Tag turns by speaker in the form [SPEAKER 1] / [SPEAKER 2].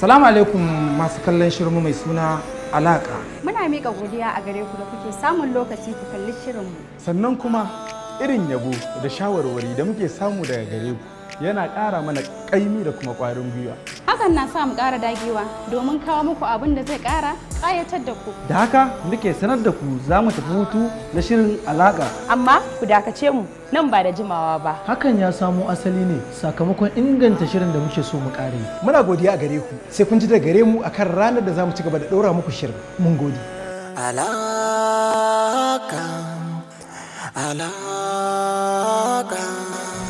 [SPEAKER 1] Salamu alaikum masu kallon shirinmu mai suna alaƙa.
[SPEAKER 2] Muna miƙa godiya a gare ku da kuke samun lokaci ku kalli shirinmu.
[SPEAKER 1] Sannan kuma irin yabo da shawarwari da muke samu daga gare ku yana ƙara mana ƙaimi da kuma ƙwarin gwiwa.
[SPEAKER 2] hakan na sa
[SPEAKER 3] mu ƙara dagewa domin kawo muku abin da zai ƙara ƙayatar da ku
[SPEAKER 4] da haka muke sanar da ku za mu tafi hutu na shirin alaƙa
[SPEAKER 3] amma ku dakace mu nan ba da jimawa ba
[SPEAKER 4] hakan ya samo asali ne sakamakon inganta shirin da muke so mu ƙare muna godiya a gare
[SPEAKER 5] ku sai kun ji da gare mu akan ranar da za mu ci gaba da ɗora muku shirin mun gode alaka alaka